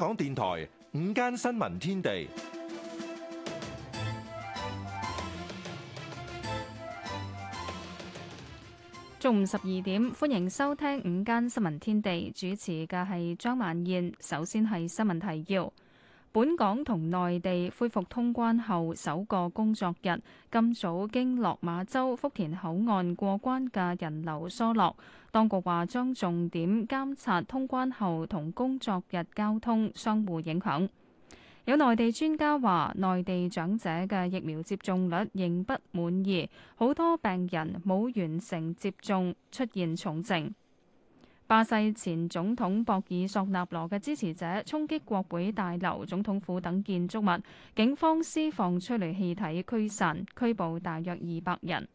港電台午間新聞天地，中午十二點，歡迎收聽午間新聞天地，主持嘅係張曼燕。首先係新聞提要。本港同內地恢復通關後首個工作日，今早經落馬洲福田口岸過關嘅人流疏落，當局話將重點監察通關後同工作日交通相互影響。有內地專家話，內地長者嘅疫苗接種率仍不滿意，好多病人冇完成接種出現重症。巴西前總統博爾索納羅嘅支持者衝擊國會大樓、總統府等建築物，警方施放催淚氣體驅散、拘捕大約二百人。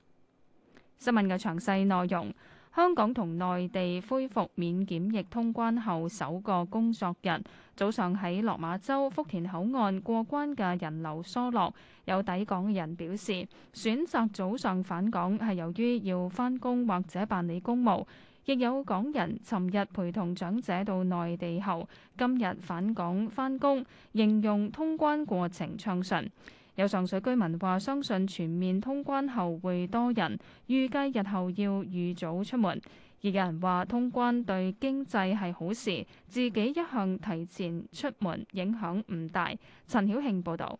新聞嘅詳細內容：香港同內地恢復免檢疫通關後首個工作日，早上喺落馬洲福田口岸過關嘅人流疏落，有抵港人表示選擇早上返港係由於要返工或者辦理公務。亦有港人尋日陪同長者到內地後，今日返港翻工，形容通關過程暢順。有上水居民話：相信全面通關後會多人，預計日後要預早出門。而有人話通關對經濟係好事，自己一向提前出門影響唔大。陳曉慶報導。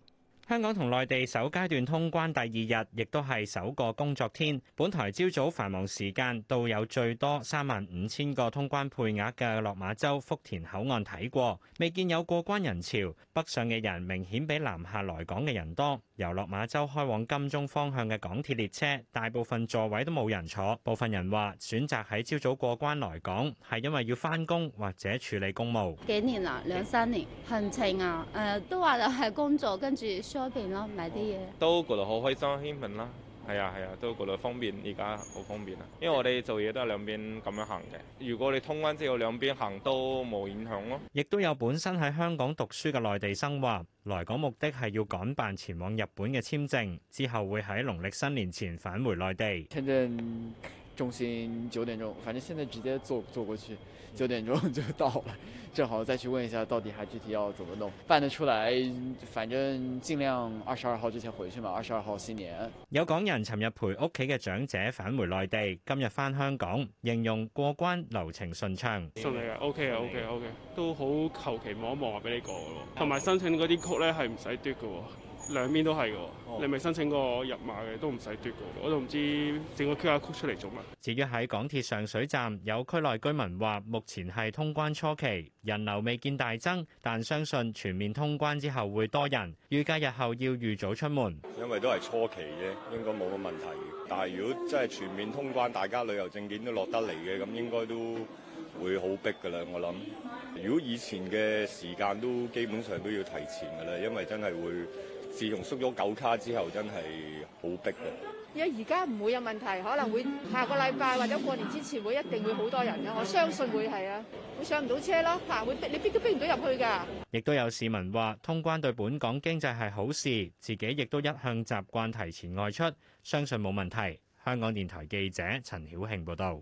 香港同內地首階段通關第二日，亦都係首個工作天。本台朝早繁忙時間都有最多三萬五千個通關配額嘅落馬洲福田口岸睇過，未見有過關人潮。北上嘅人明顯比南下來港嘅人多。由落馬洲開往金鐘方向嘅港鐵列車，大部分座位都冇人坐。部分人話選擇喺朝早過關來港，係因為要返工或者處理公務。幾年啦，兩三年行程啊，誒、呃、都話就係工作跟住。嗰邊咯，買啲嘢都覺得好開心，興奮啦，係啊係啊，都覺得方便，而家好方便啊。因為我哋做嘢都係兩邊咁樣行嘅，如果你通關之後兩邊行都冇影響咯。亦都有本身喺香港讀書嘅內地生話，來港目的係要趕辦前往日本嘅簽證，之後會喺農曆新年前返回內地。亭亭中心九點鐘，反正現在直接坐坐過去，九點鐘就到了，正好再去問一下到底還具體要怎麼弄辦得出來，反正盡量二十二號之前回去嘛，二十二號新年。有港人尋日陪屋企嘅長者返回內地，今日返香港，形容過關流程順暢。順利啊，OK 啊 okay，OK OK，都好求其望一望啊，俾你過噶咯。同埋申請嗰啲曲咧係唔使嘟噶。兩邊都係嘅，oh。你係咪申請過入馬嘅？都唔使嘟嘅，我都唔知整個 QR code 出嚟做乜。至於喺港鐵上水站，有區內居民話，目前係通關初期，人流未見大增，但相信全面通關之後會多人。預計日後要預早出門，因為都係初期啫，應該冇乜問題。但係如果真係全面通關，大家旅遊證件都落得嚟嘅，咁應該都會好逼㗎啦。我諗，如果以前嘅時間都基本上都要提前㗎啦，因為真係會。自從縮咗九卡之後，真係好逼嘅。而而家唔會有問題，可能會下個禮拜或者過年之前會一定會好多人嘅，我相信會係啊，會上唔到車咯，嗱，會逼你逼都逼唔到入去㗎。亦都有市民話，通關對本港經濟係好事，自己亦都一向習慣提前外出，相信冇問題。香港電台記者陳曉慶報道。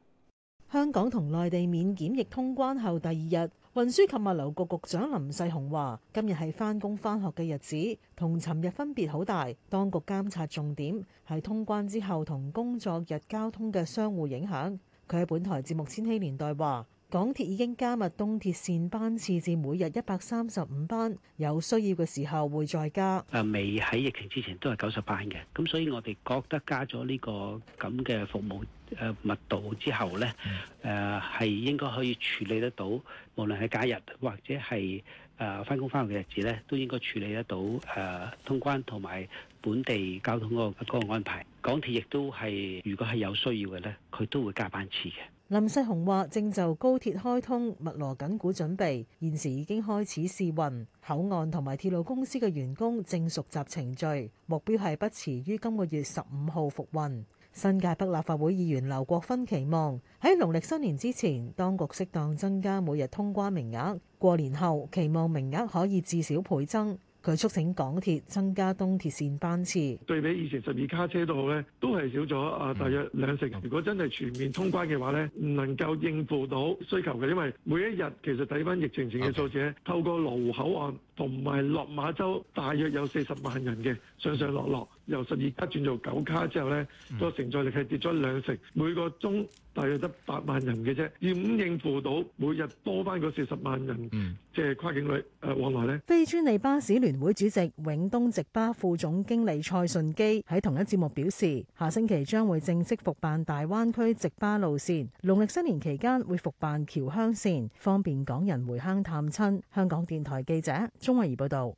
香港同內地免檢疫通關後第二日，運輸及物流局局長林世雄話：今日係返工返學嘅日子，同尋日分別好大。當局監察重點係通關之後同工作日交通嘅相互影響。佢喺本台節目《千禧年代》話：港鐵已經加密東鐵線班次至每日一百三十五班，有需要嘅時候會再加。誒未喺疫情之前都係九十班嘅，咁所以我哋覺得加咗呢個咁嘅服務誒、啊、密度之後咧，誒、啊、係應該可以處理得到，無論係假日或者係誒返工返學嘅日子咧，都應該處理得到誒、啊、通關同埋本地交通嗰個安排。港鐵亦都係，如果係有需要嘅咧，佢都會加班次嘅。林世雄話：正就高鐵開通密鑼緊鼓準備，現時已經開始試運。口岸同埋鐵路公司嘅員工正熟習程序，目標係不遲於今個月十五號復運。新界北立法會議員劉國勳期望喺農曆新年之前，當局適當增加每日通關名額，過年後期望名額可以至少倍增。佢促請港鐵增加東鐵線班次，對比以前十二卡車都好咧，都係少咗啊，大約兩成。如果真係全面通關嘅話咧，唔能夠應付到需求嘅，因為每一日其實睇翻疫情前嘅數字，透過羅湖口岸同埋落馬洲，大約有四十萬人嘅上上落落。由十二卡轉做九卡之後，呢個承載力係跌咗兩成，每個鐘大約得八萬人嘅啫，要點應付到每日多翻嗰四十萬人，即係跨境旅誒、呃、往來呢，非專利巴士聯會主席永東直巴副總經理蔡順基喺同一節目表示，下星期將會正式復辦大灣區直巴路線，農曆新年期間會復辦僑鄉線，方便港人回鄉探親。香港電台記者鍾慧儀報道。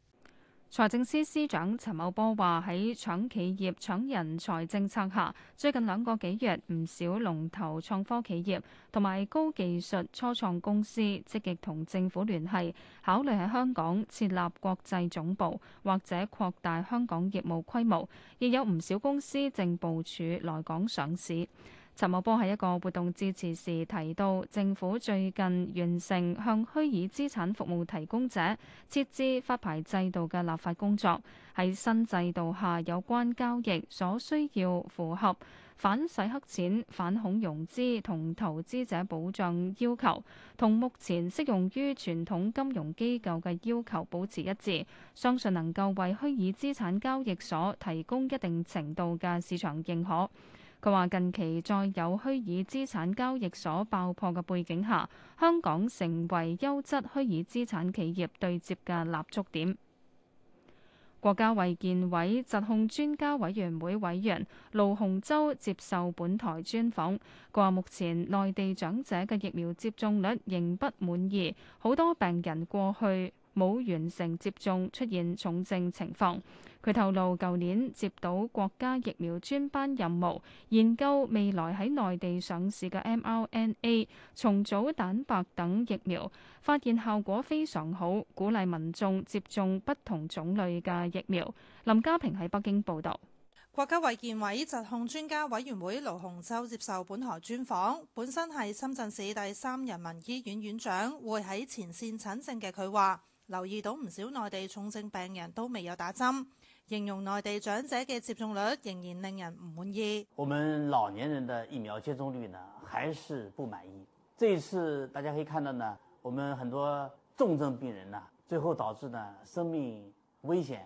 財政司司長陳茂波話：喺搶企業、搶人才政策下，最近兩個幾月，唔少龍頭創科企業同埋高技術初創公司積極同政府聯繫，考慮喺香港設立國際總部或者擴大香港業務規模，亦有唔少公司正部署來港上市。陳茂波喺一個活動致辭時提到，政府最近完成向虛擬資產服務提供者設置發牌制度嘅立法工作。喺新制度下，有關交易所需要符合反洗黑錢、反恐融資同投資者保障要求，同目前適用於傳統金融機構嘅要求保持一致。相信能夠為虛擬資產交易所提供一定程度嘅市場認可。佢話：近期在有虛擬資產交易所爆破嘅背景下，香港成為優質虛擬資產企業對接嘅立足點。國家衛健委疾控專家委員會委員盧洪洲接受本台專訪，佢話：目前內地長者嘅疫苗接種率仍不滿意，好多病人過去。冇完成接種出現重症情況，佢透露，舊年接到國家疫苗專班任務研究未來喺內地上市嘅 mRNA 重組蛋白等疫苗，發現效果非常好，鼓勵民眾接種不同種類嘅疫苗。林家平喺北京報道。國家衛健委疾控專家委員會盧洪洲接受本台專訪本身係深圳市第三人民醫院院,院長會喺前線診症嘅佢話。留意到唔少內地重症病人都未有打針，形容內地長者嘅接種率仍然令人唔滿意。我們老年人的疫苗接種率呢，還是不滿意。這一次大家可以看到呢，我們很多重症病人呢，最後導致呢生命危險，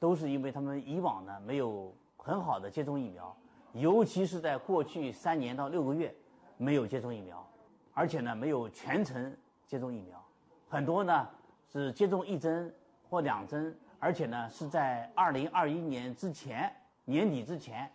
都是因為他們以往呢沒有很好的接種疫苗，尤其是在過去三年到六個月沒有接種疫苗，而且呢沒有全程接種疫苗，很多呢。只接種一針或兩針，而且呢是在二零二一年之前年底之前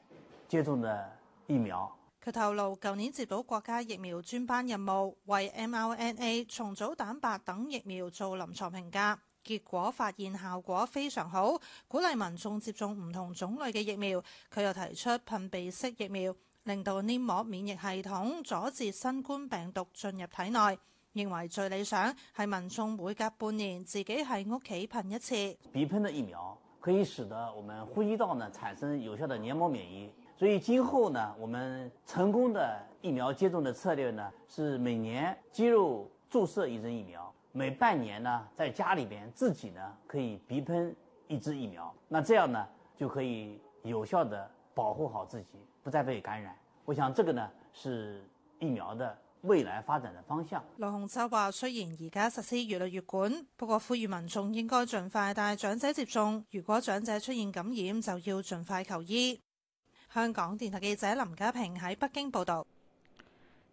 接種的疫苗。佢透露，舊年接到國家疫苗專班任務，為 mRNA 重組蛋白等疫苗做臨床評價，結果發現效果非常好，鼓勵民眾接種唔同種類嘅疫苗。佢又提出噴鼻式疫苗，令到黏膜免疫系統阻止新冠病毒進入體內。認為最理想係民眾每隔半年自己喺屋企噴一次鼻噴的疫苗，可以使得我們呼吸道呢產生有效的黏膜免疫，所以今後呢我們成功的疫苗接種的策略呢，是每年肌肉注射一針疫苗，每半年呢在家裏邊自己呢可以鼻噴一支疫苗，那這樣呢就可以有效的保護好自己，不再被感染。我想這個呢是疫苗的。未來發展嘅方向。羅洪則話：雖然而家實施越嚟越管，不過呼籲民眾應該盡快帶長者接種。如果長者出現感染，就要盡快求醫。香港電台記者林家平喺北京報導。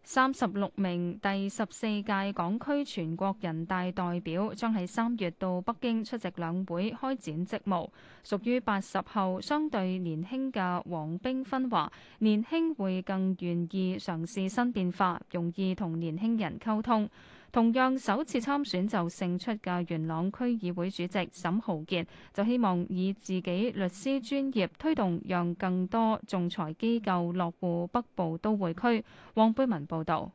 三十六名第十四屆港區全國人大代表將喺三月到北京出席兩會開展職務。屬於八十後相對年輕嘅黃冰芬話，年輕會更願意嘗試新變化，容易同年輕人溝通。同樣首次參選就勝出嘅元朗區議會主席沈豪傑就希望以自己律師專業推動，讓更多仲裁機構落戶北部都會區。黃貝文報導，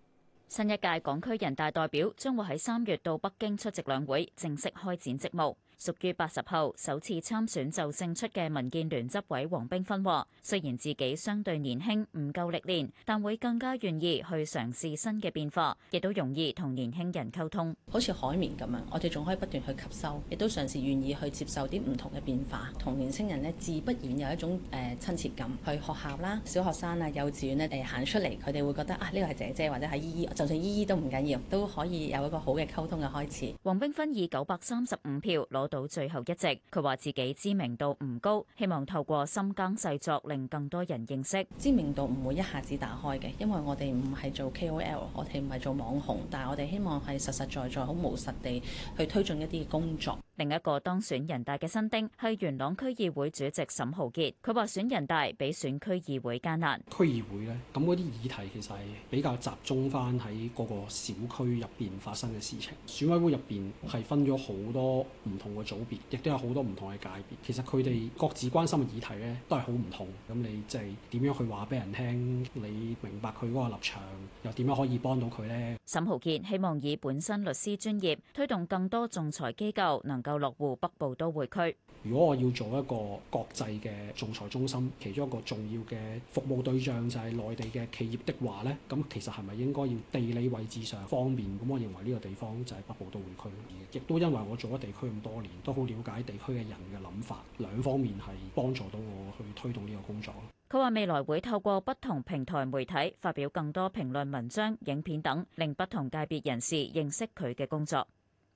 新一屆港區人大代表將會喺三月到北京出席兩會，正式開展職務。屬於八十後首次參選就勝出嘅民建聯執委黃冰芬話，雖然自己相對年輕，唔夠歷練，但會更加願意去嘗試新嘅變化，亦都容易同年輕人溝通。好似海綿咁樣，我哋仲可以不斷去吸收，亦都嘗試願意去接受啲唔同嘅變化，同年青人呢，自不然有一種誒親切感。去學校啦，小學生啊，幼稚園咧，誒行出嚟，佢哋會覺得啊，呢個係姐姐或者係姨姨，就算姨姨都唔緊要，都可以有一個好嘅溝通嘅開始。黃冰芬以九百三十五票攞到最後一席，佢話自己知名度唔高，希望透過深耕細作，令更多人認識。知名度唔會一下子打開嘅，因為我哋唔係做 KOL，我哋唔係做網紅，但係我哋希望係實實在在，在、好務實地去推進一啲工作。另一個當選人大嘅新丁係元朗區議會主席沈浩傑，佢話選人大比選區議會艱難。區議會咧，咁嗰啲議題其實係比較集中翻喺各個小區入邊發生嘅事情。選委會入邊係分咗好多唔同。個組別亦都有好多唔同嘅界別，其實佢哋各自關心嘅議題咧都係好唔同。咁你即係點樣去話俾人聽？你明白佢嗰個立場，又點樣可以幫到佢呢？沈浩健希望以本身律師專業推動更多仲裁機構能夠落戶北部都會區。如果我要做一個國際嘅仲裁中心，其中一個重要嘅服務對象就係內地嘅企業的話咧，咁其實係咪應該要地理位置上方便？咁我認為呢個地方就係北部都會區。亦都因為我做咗地區咁多年。都好了解地區嘅人嘅諗法，兩方面係幫助到我去推動呢個工作。佢話未來會透過不同平台媒體發表更多評論文章、影片等，令不同界別人士認識佢嘅工作。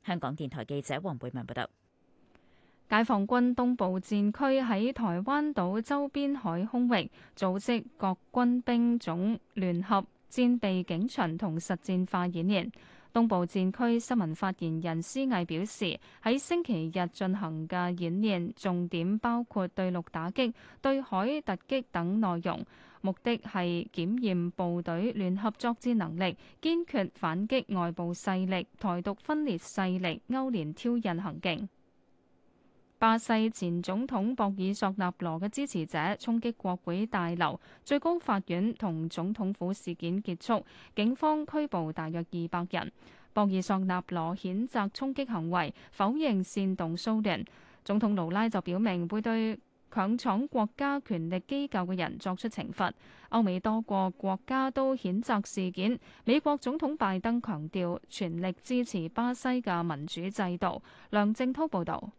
香港電台記者黃貝文報道。解放軍東部戰區喺台灣島周邊海空域組織各軍兵種聯合戰備警巡同實戰化演練。東部戰區新聞發言人施毅表示，喺星期日進行嘅演練，重點包括對陸打擊、對海突擊等內容，目的係檢驗部隊聯合作戰能力，堅決反擊外部勢力、台獨分裂勢力勾連挑釁行徑。巴西前總統博爾索納羅嘅支持者衝擊國會大樓、最高法院同總統府事件結束，警方拘捕大約二百人。博爾索納羅譴責衝擊行為，否認煽動騷亂。總統盧拉就表明會對強闖國家權力機構嘅人作出懲罰。歐美多個國家都譴責事件。美國總統拜登強調全力支持巴西嘅民主制度。梁正滔報導。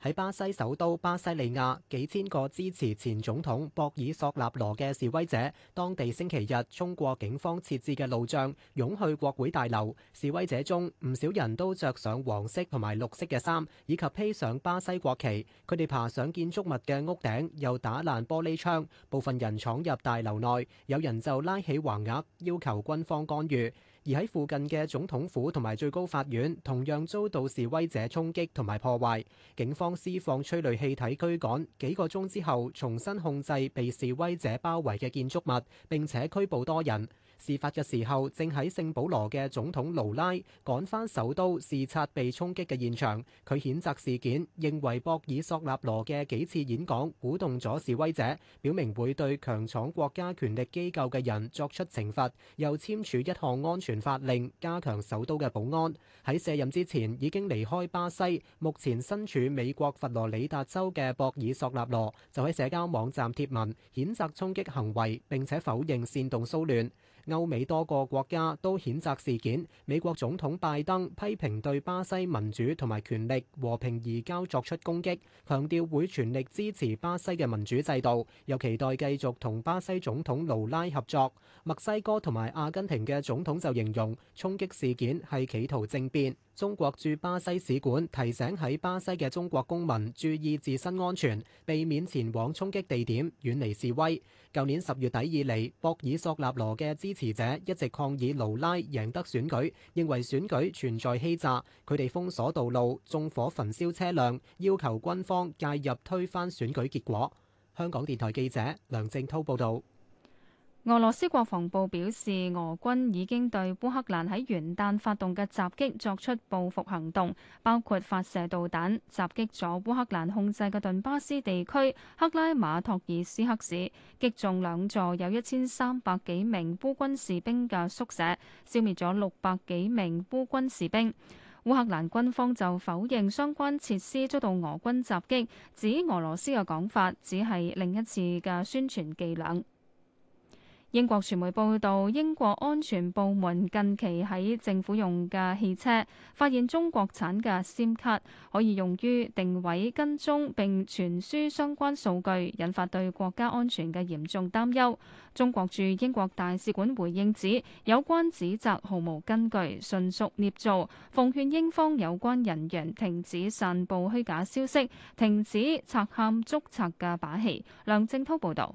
喺巴西首都巴西利亞，幾千個支持前總統博爾索納羅嘅示威者，當地星期日衝過警方設置嘅路障，湧去國會大樓。示威者中唔少人都着上黃色同埋綠色嘅衫，以及披上巴西國旗。佢哋爬上建築物嘅屋頂，又打爛玻璃窗，部分人闖入大樓內，有人就拉起橫額，要求軍方干預。而喺附近嘅總統府同埋最高法院，同樣遭到示威者衝擊同埋破壞，警方施放催淚氣體驅趕，幾個鐘之後重新控制被示威者包圍嘅建築物，並且拘捕多人。事發嘅時候，正喺聖保羅嘅總統盧拉趕返首都視察被衝擊嘅現場。佢譴責事件，認為博爾索納羅嘅幾次演講鼓動咗示威者，表明會對強闖國家權力機構嘅人作出懲罰，又簽署一項安全法令加強首都嘅保安。喺卸任之前已經離開巴西，目前身處美國佛羅里達州嘅博爾索納羅就喺社交網站貼文譴責衝擊行為，並且否認煽動騷亂。歐美多個國家都譴責事件，美國總統拜登批評對巴西民主同埋權力和平移交作出攻擊，強調會全力支持巴西嘅民主制度，又期待繼續同巴西總統盧拉合作。墨西哥同埋阿根廷嘅總統就形容衝擊事件係企圖政變。中國駐巴西使館提醒喺巴西嘅中國公民注意自身安全，避免前往衝擊地點，遠離示威。舊年十月底以嚟，博爾索納羅嘅支持者一直抗議盧拉贏得選舉，認為選舉存在欺詐。佢哋封鎖道路、縱火焚燒車輛，要求軍方介入推翻選舉結果。香港電台記者梁正濤報道。俄羅斯國防部表示，俄軍已經對烏克蘭喺元旦發動嘅襲擊作出報復行動，包括發射導彈襲擊咗烏克蘭控制嘅頓巴斯地區克拉馬托爾斯克市，擊中兩座有一千三百幾名烏軍士兵嘅宿舍，消滅咗六百幾名烏軍士兵。烏克蘭軍方就否認相關設施遭到俄軍襲擊，指俄羅斯嘅講法只係另一次嘅宣傳伎倆。英國傳媒報道，英國安全部門近期喺政府用嘅汽車發現中國產嘅 SIM 卡可以用於定位跟蹤並傳輸相關數據，引發對國家安全嘅嚴重擔憂。中國駐英國大使館回應指，有關指責毫無根據，純屬捏造，奉勸英方有關人員停止散佈虛假消息，停止賊喊捉賊嘅把戲。梁正滔報導。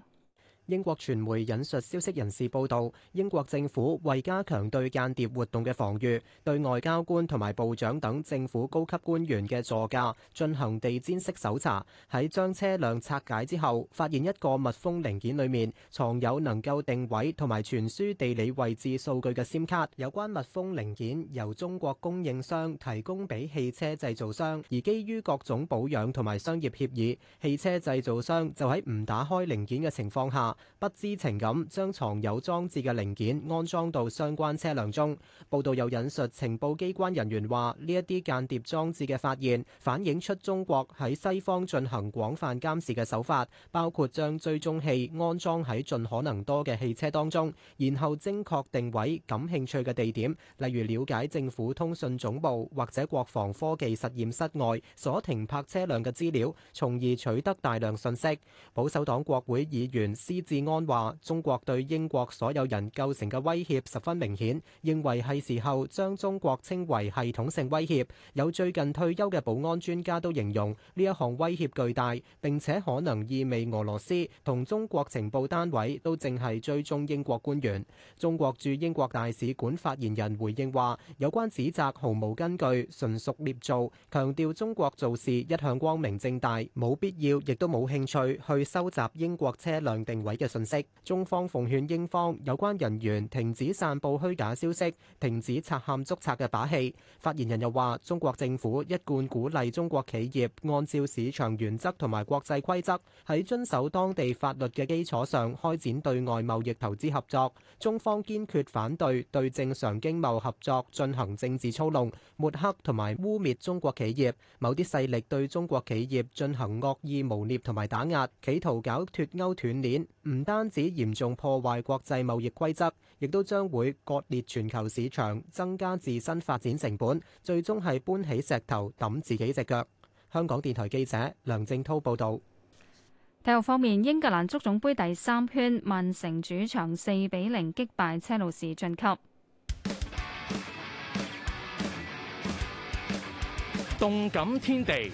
英國傳媒引述消息人士報道，英國政府為加強對間諜活動嘅防禦，對外交官同埋部長等政府高級官員嘅座駕進行地氈式搜查。喺將車輛拆解之後，發現一個密封零件裏面藏有能夠定位同埋傳輸地理位置數據嘅 SIM 卡。有關密封零件由中國供應商提供俾汽車製造商，而基於各種保養同埋商業協議，汽車製造商就喺唔打開零件嘅情況下。不知情咁，將藏有裝置嘅零件安裝到相關車輛中。報道又引述情報機關人員話：呢一啲間諜裝置嘅發現，反映出中國喺西方進行廣泛監視嘅手法，包括將追蹤器安裝喺盡可能多嘅汽車當中，然後精確定位感興趣嘅地點，例如了解政府通訊總部或者國防科技實驗室外所停泊車輛嘅資料，從而取得大量信息。保守黨國會議員斯治安話中國對英國所有人構成嘅威脅十分明顯，認為係時候將中國稱為系統性威脅。有最近退休嘅保安專家都形容呢一項威脅巨大，並且可能意味俄羅斯同中國情報單位都正係追蹤英國官員。中國駐英國大使館發言人回應話：有關指責毫無根據，純屬捏造。強調中國做事一向光明正大，冇必要亦都冇興趣去收集英國車輛定位嘅信息，中方奉勸英方有關人員停止散布虛假消息，停止賊喊捉賊嘅把戲。發言人又話，中國政府一貫鼓勵中國企業按照市場原則同埋國際規則，喺遵守當地法律嘅基礎上開展對外貿易投資合作。中方堅決反對對正常經貿合作進行政治操弄、抹黑同埋污衊中國企業。某啲勢力對中國企業進行惡意污衊同埋打壓，企圖搞脱鈎斷鏈。唔單止嚴重破壞國際貿易規則，亦都將會割裂全球市場，增加自身發展成本，最終係搬起石頭抌自己隻腳。香港電台記者梁正濤報道。體育方面，英格蘭足總杯第三圈，曼城主場四比零擊敗車路士晉級。動感天地。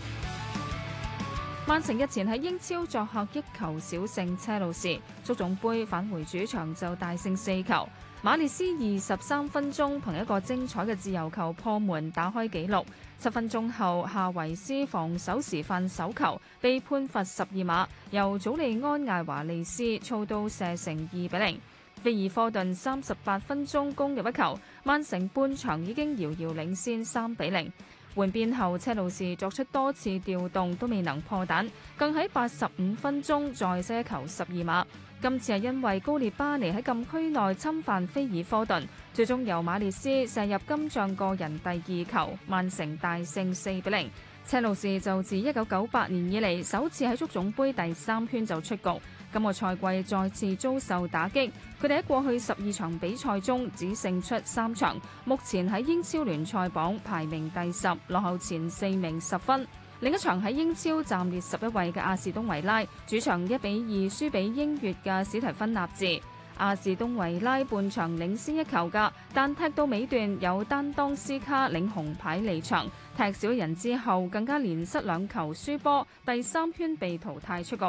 曼城日前喺英超作客一球小勝車路士，足總杯返回主場就大勝四球。馬列斯二十三分鐘憑一個精彩嘅自由球破門打開紀錄，十分鐘後夏維斯防守時犯手球被判罰十二碼，由祖利安艾華利斯操刀射成二比零。菲爾科頓三十八分鐘攻入一球，曼城半場已經遙遙領先三比零。換邊後，車路士作出多次調動都未能破蛋，更喺八十五分鐘再射一球十二碼。今次係因為高列巴尼喺禁區內侵犯菲爾科頓，最終由馬列斯射入今仗個人第二球，曼城大勝四比零。車路士就自一九九八年以嚟首次喺足總盃第三圈就出局，今個賽季再次遭受打擊。佢哋喺過去十二場比賽中只勝出三場，目前喺英超聯賽榜排名第十，落後前四名十分。另一場喺英超暫列十一位嘅阿士東維拉，主場一比二輸俾英越嘅史提芬納治。阿士東維拉半場領先一球噶，但踢到尾段有單當斯卡領紅牌離場，踢少人之後更加連失兩球輸波，第三圈被淘汰出局。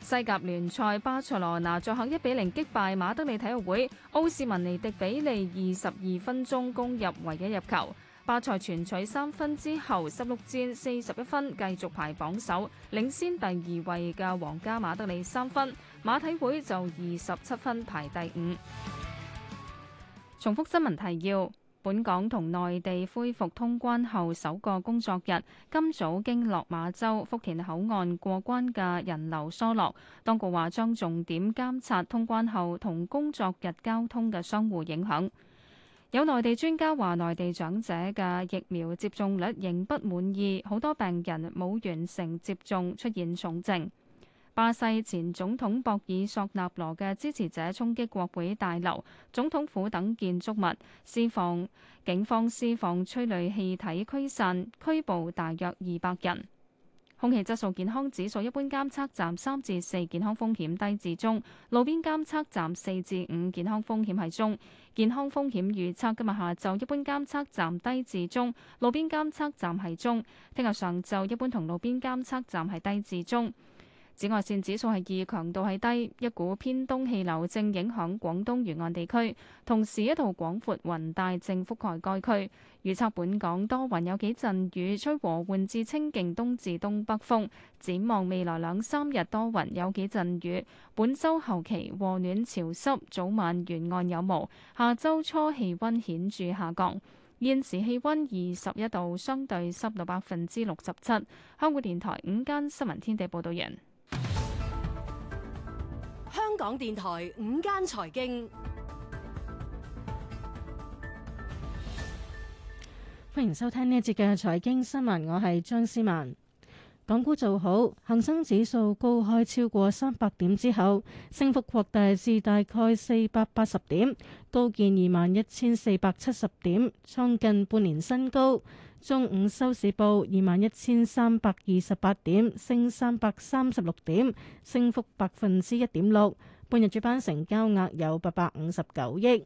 西甲聯賽巴塞羅那作客一比零擊敗馬德里體育會，奧斯文尼迪比利二十二分鐘攻入唯一入球，巴塞全取三分之後，十六戰四十一分繼續排榜首，領先第二位嘅皇家馬德里三分。馬體會就二十七分排第五。重複新聞提要：本港同內地恢復通關後首個工作日，今早經落馬洲福田口岸過關嘅人流疏落。當局話將重點監察通關後同工作日交通嘅相互影響。有內地專家話，內地長者嘅疫苗接種率仍不滿意，好多病人冇完成接種出現重症。巴西前總統博爾索納羅嘅支持者衝擊國會大樓、總統府等建築物，施放警方施放催淚氣體驅散，拘捕大約二百人。空氣質素健康指數一般監測站三至四，健康風險低至中；路邊監測站四至五，健康風險係中。健康風險預測今日下晝一般監測站低至中，路邊監測站係中；聽日上晝一般同路邊監測站係低至中。紫外線指數係二，強度係低。一股偏東氣流正影響廣東沿岸地區，同時一道廣闊雲帶正覆蓋該區。預測本港多雲有幾陣雨，吹和緩至清勁東至東北風。展望未來兩三日多雲有幾陣雨。本周後期和暖潮濕，早晚沿岸有霧。下周初氣温顯著下降。現時氣温二十一度，相對濕度百分之六十七。香港電台午間新聞天地報道完。香港電台午間財經，歡迎收聽呢一節嘅財經新聞。我係張思曼，港股做好，恒生指數高開超過三百點之後，升幅擴大至大概四百八十點，高見二萬一千四百七十點，創近半年新高。中午收市報二萬一千三百二十八點，升三百三十六點，升幅百分之一點六。半日主板成交額有八百五十九億。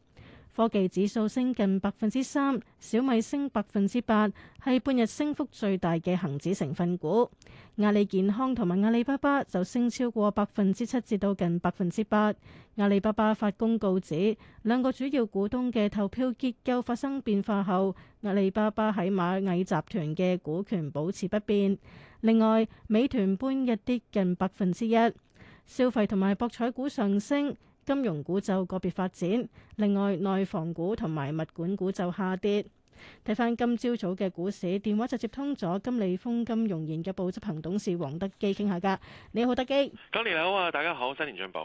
科技指數升近百分之三，小米升百分之八，係半日升幅最大嘅恒指成分股。阿里健康同埋阿里巴巴就升超過百分之七，至到近百分之八。阿里巴巴發公告指，兩個主要股東嘅投票結構發生變化後，阿里巴巴喺螞蟻集團嘅股權保持不變。另外，美團半日跌近百分之一，消費同埋博彩股上升。金融股就個別發展，另外內房股同埋物管股就下跌。睇翻今朝早嘅股市，電話就接通咗金利豐金融研究部執行董事黃德基傾下架。你好，德基。新年好啊，大家好，新年進步。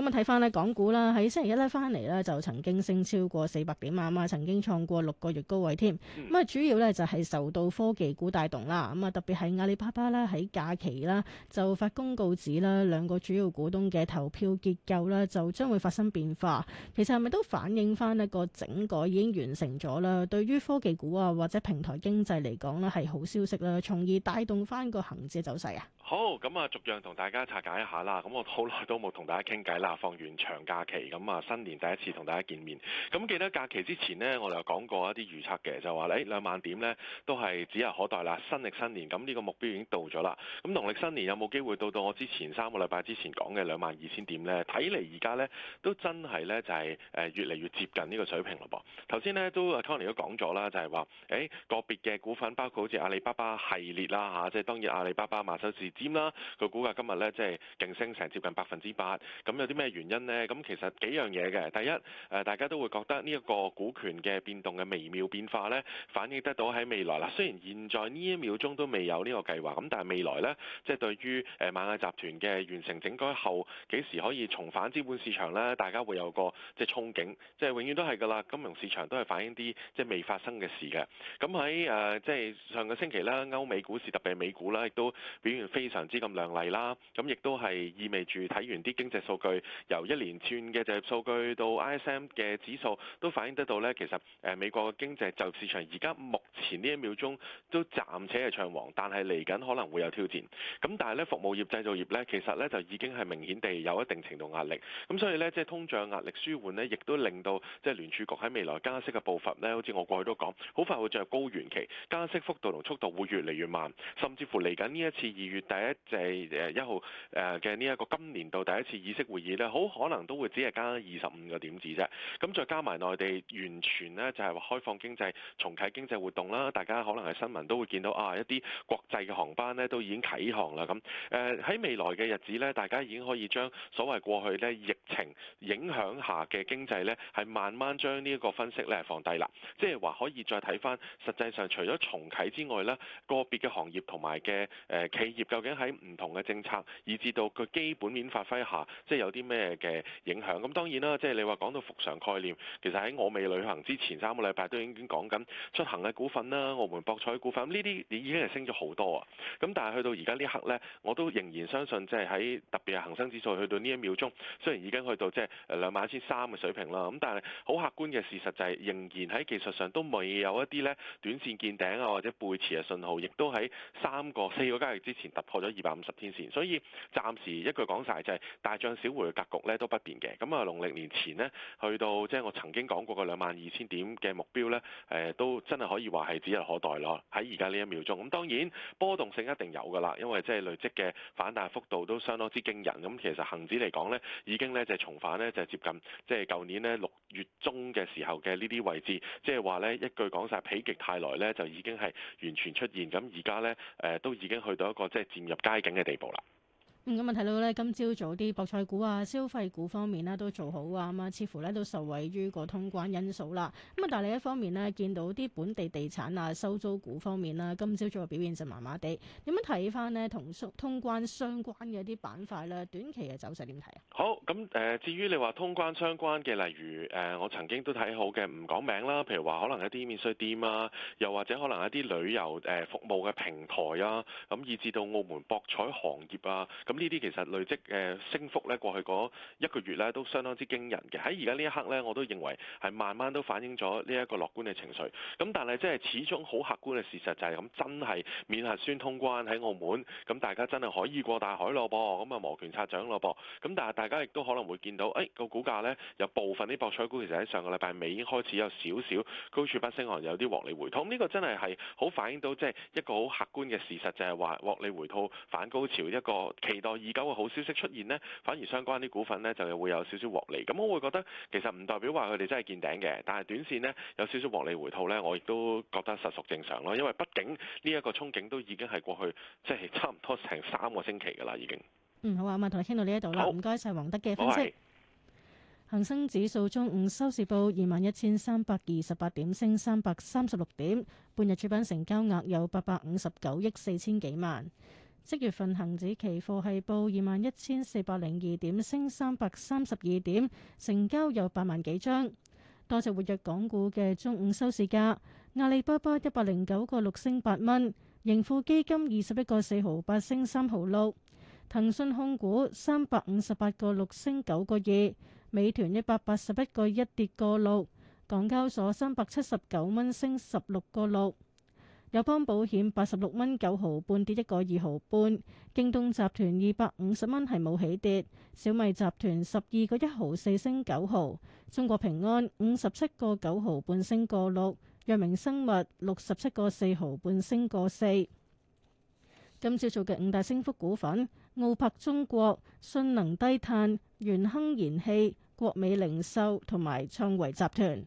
咁啊，睇翻咧，港股啦，喺星期一咧翻嚟咧，就曾經升超過四百點啊，曾經創過六個月高位添。咁啊，主要呢就係受到科技股帶動啦。咁啊，特別係阿里巴巴咧，喺假期啦就發公告指啦，兩個主要股東嘅投票結構咧就將會發生變化。其實係咪都反映翻呢個整改已經完成咗啦？對於科技股啊或者平台經濟嚟講呢係好消息啦，從而帶動翻個恒指走勢啊？好，咁啊，逐樣同大家拆解，解一下啦。咁我好耐都冇同大家傾偈啦，放完長假期咁啊，新年第一次同大家見面。咁記得假期之前呢，我哋有講過一啲預測嘅，就話誒兩萬點呢都係指日可待啦。新歷新年咁呢個目標已經到咗啦。咁農曆新年有冇機會到到，我之前三個禮拜之前講嘅兩萬二千點呢？睇嚟而家呢都真係呢，就係誒越嚟越接近呢個水平咯噃。頭先呢，都阿 Tony 都講咗啦，就係話誒個別嘅股份，包括好似阿里巴巴系列啦吓，即、啊、係、就是、當然阿里巴巴、馬首是。點啦，個股價今日咧即係勁升成接近百分之八，咁有啲咩原因呢？咁其實幾樣嘢嘅。第一，誒大家都會覺得呢一個股權嘅變動嘅微妙變化咧，反映得到喺未來啦。雖然現在呢一秒鐘都未有呢個計劃，咁但係未來呢，即係對於誒螞蟻集團嘅完成整改後，幾時可以重返資本市場呢？大家會有個即係憧憬，即係永遠都係㗎啦。金融市場都係反映啲即係未發生嘅事嘅。咁喺誒即係上個星期啦，歐美股市特別係美股啦，亦都表現非常之咁靚麗啦，咁亦都係意味住睇完啲經濟數據，由一連串嘅就業數據到 ISM 嘅指數都反映得到咧，其實誒美國嘅經濟就市場而家目前呢一秒鐘都暫且係暢旺，但係嚟緊可能會有挑戰，咁但係咧服務業製造業咧，其實咧就已經係明顯地有一定程度壓力。咁所以咧即係通脹壓力舒緩咧，亦都令到即係聯儲局喺未來加息嘅步伐咧，好似我過去都講好快會進入高原期，加息幅度同速度會越嚟越慢，甚至乎嚟緊呢一次二月。第一隻誒一號誒嘅呢一個今年度第一次議息會議呢，好可能都會只係加二十五個點子啫。咁再加埋內地完全呢，就係話開放經濟、重啟經濟活動啦。大家可能係新聞都會見到啊，一啲國際嘅航班呢都已經啓航啦。咁誒喺未來嘅日子呢，大家已經可以將所謂過去呢疫情影響下嘅經濟呢，係慢慢將呢一個分析呢放低啦。即係話可以再睇返，實際上除咗重啟之外呢，個別嘅行業同埋嘅誒企業嘅。究竟喺唔同嘅政策，以至到佢基本面發揮下，即係有啲咩嘅影響，咁當然啦，即係你話講到復常概念，其實喺我未旅行之前三個禮拜都已經講緊出行嘅股份啦，澳門博彩股份呢啲已經係升咗好多啊！咁但係去到而家呢一刻咧，我都仍然相信即係喺特別係恒生指數去到呢一秒鐘，雖然已經去到即係兩萬一千三嘅水平啦，咁但係好客觀嘅事實就係仍然喺技術上都未有一啲咧短線見頂啊或者背馳嘅信號，亦都喺三個四個交易之前破咗二百五十天線，所以暫時一句講晒就係、是、大漲小回嘅格局咧都不變嘅。咁啊，農曆年前咧去到即係、就是、我曾經講過嘅兩萬二千點嘅目標咧，誒、呃、都真係可以話係指日可待咯。喺而家呢一秒鐘，咁當然波動性一定有㗎啦，因為即係累積嘅反彈幅度都相當之驚人。咁其實恒指嚟講咧，已經咧就係、是、重返咧就係、是、接近即係舊年咧六月中嘅時候嘅呢啲位置，即係話咧一句講晒，否極泰來咧就已經係完全出現。咁而家咧誒都已經去到一個即係。陷入街境嘅地步啦。咁啊睇到咧，今朝早啲博彩股啊、消費股方面啦，都做好啊，咁啊，似乎咧都受惠於個通關因素啦。咁啊，但係另一方面呢，見到啲本地地產啊、收租股方面啦，今朝早嘅表現就麻麻地。點樣睇翻呢同通關相關嘅啲板塊呢？短期嘅走勢點睇啊？好，咁誒、呃，至於你話通關相關嘅，例如誒、呃，我曾經都睇好嘅，唔講名啦，譬如話可能一啲免稅店啊，又或者可能一啲旅遊誒服務嘅平台啊，咁以至到澳門博彩行業啊，咁。呢啲其實累積誒升幅咧，過去嗰一個月咧都相當之驚人嘅。喺而家呢一刻咧，我都認為係慢慢都反映咗呢一個樂觀嘅情緒。咁但係即係始終好客觀嘅事實就係咁，真係免核酸通關喺澳門，咁大家真係可以過大海咯噃，咁啊摩拳擦掌咯噃。咁但係大家亦都可能會見到，誒個股價咧，有部分啲博彩股其實喺上個禮拜尾已經開始有少少高處不勝寒，有啲獲利回吐。呢個真係係好反映到即係一個好客觀嘅事實，就係話獲利回吐反高潮一個期待已久嘅好消息出現呢，反而相關啲股份呢就會有少少獲利。咁我會覺得其實唔代表話佢哋真係見頂嘅，但係短線呢有少少獲利回吐呢，我亦都覺得實屬正常咯。因為畢竟呢一個憧憬都已經係過去，即係差唔多成三個星期㗎啦，已經。嗯，好啊，咁啊，同你傾到呢一度啦。唔該晒，黃德嘅分析。是恒生指數中午收市報二萬一千三百二十八點，升三百三十六點。半日主板成交額有八百五十九億四千幾萬。即月份恒指期貨係報二萬一千四百零二點，升三百三十二點，成交有八萬幾張。多隻活躍港股嘅中午收市價：阿里巴巴一百零九個六升八蚊，盈富基金二十一個四毫八升三毫六，騰訊控股三百五十八個六升九個二，美團一百八十一個一跌個六，港交所三百七十九蚊升十六個六。友邦保險八十六蚊九毫半跌一個二毫半，京東集團二百五十蚊係冇起跌，小米集團十二個一毫四升九毫，中國平安五十七個九毫半升個六，藥明生物六十七個四毫半升個四。今朝早嘅五大升幅股份：奧柏中國、信能低碳、元亨燃氣、國美零售同埋創維集團。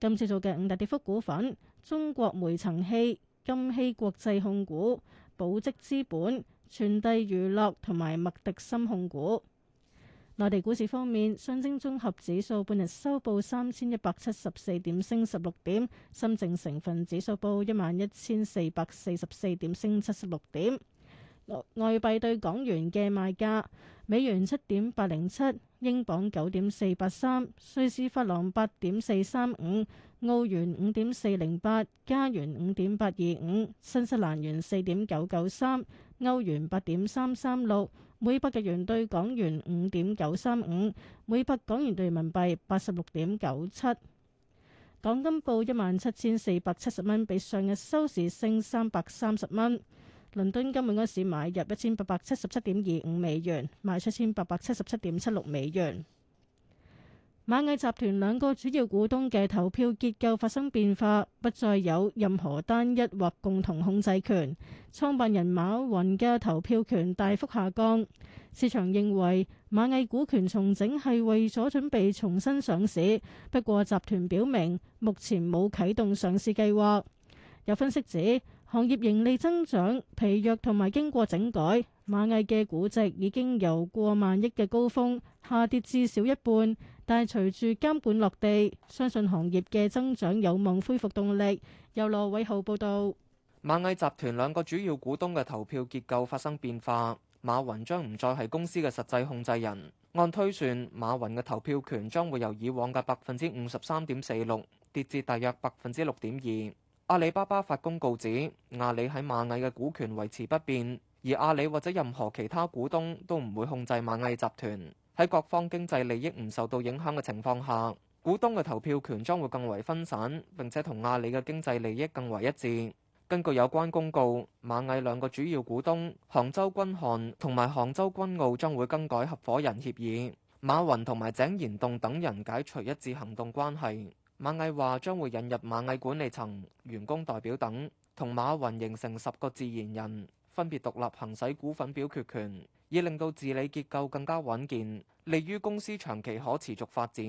今朝早嘅五大跌幅股份：中國煤層氣。金禧國際控股、寶積資本、傳遞娛樂同埋麥迪森控股。內地股市方面，上證綜合指數半日收報三千一百七十四點，升十六點；深證成分指數報一萬一千四百四十四點，升七十六點。外外幣對港元嘅賣價，美元七點八零七。英鎊九點四八三，瑞士法郎八點四三五，澳元五點四零八，加元五點八二五，新西蘭元四點九九三，歐元八點三三六，每百日元兌港元五點九三五，每百港元兌人民幣八十六點九七。港金報一萬七千四百七十蚊，比上日收市升三百三十蚊。倫敦金開市買入一千八百七十七點二五美元，賣出一千八百七十七點七六美元。螞蟻集團兩個主要股東嘅投票結構發生變化，不再有任何單一或共同控制權。創辦人馬雲嘅投票權大幅下降。市場認為螞蟻股權重整係為咗準備重新上市，不過集團表明目前冇啟動上市計劃。有分析指，行業盈利增長疲弱，同埋經過整改，螞蟻嘅估值已經由過萬億嘅高峰下跌至少一半。但係隨住監管落地，相信行業嘅增長有望恢復動力。由羅偉浩報導，螞蟻集團兩個主要股東嘅投票結構發生變化，馬雲將唔再係公司嘅實際控制人。按推算，馬雲嘅投票權將會由以往嘅百分之五十三點四六跌至大約百分之六點二。阿里巴巴發公告指，阿里喺螞蟻嘅股權維持不變，而阿里或者任何其他股東都唔會控制螞蟻集團。喺各方經濟利益唔受到影響嘅情況下，股東嘅投票權將會更為分散，並且同阿里嘅經濟利益更為一致。根據有關公告，螞蟻兩個主要股東杭州君瀚同埋杭州君澳將會更改合夥人協議，馬雲同埋井賢棟等人解除一致行動關係。螞蟻話將會引入螞蟻管理層、員工代表等，同馬雲形成十個自然人，分別獨立行使股份表決權，以令到治理結構更加穩健，利於公司長期可持續發展。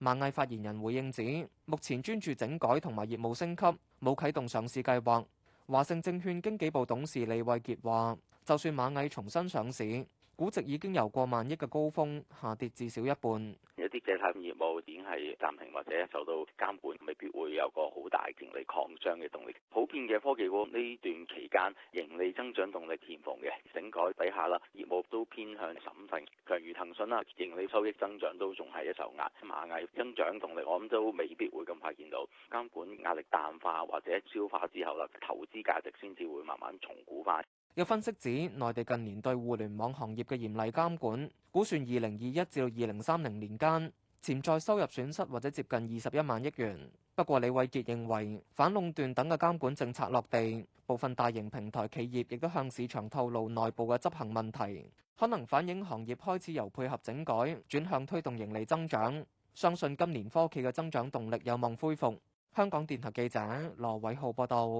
螞蟻發言人回應指，目前專注整改同埋業務升級，冇啟動上市計劃。華盛證券經紀部董事李慧傑話，就算螞蟻重新上市，估值已經由過萬億嘅高峰下跌至少一半，有啲借貸業務已經係暫停或者受到監管，未必會有個好大盈利擴張嘅動力。普遍嘅科技股呢段期間，盈利增長動力填馴嘅整改底下啦，業務都偏向審慎，強如騰訊啦，盈利收益增長都仲係一受壓，螞蟻增長動力我諗都未必會咁快見到。監管壓力淡化或者消化之後啦，投資價值先至會慢慢重估翻。有分析指，內地近年對互聯網行業嘅嚴厲監管，估算二零二一至二零三零年間潛在收入損失或者接近二十一萬億元。不過，李慧傑認為反壟斷等嘅監管政策落地，部分大型平台企業亦都向市場透露內部嘅執行問題，可能反映行業開始由配合整改轉向推動盈利增長。相信今年科技嘅增長動力有望恢復。香港電台記者羅偉浩報道。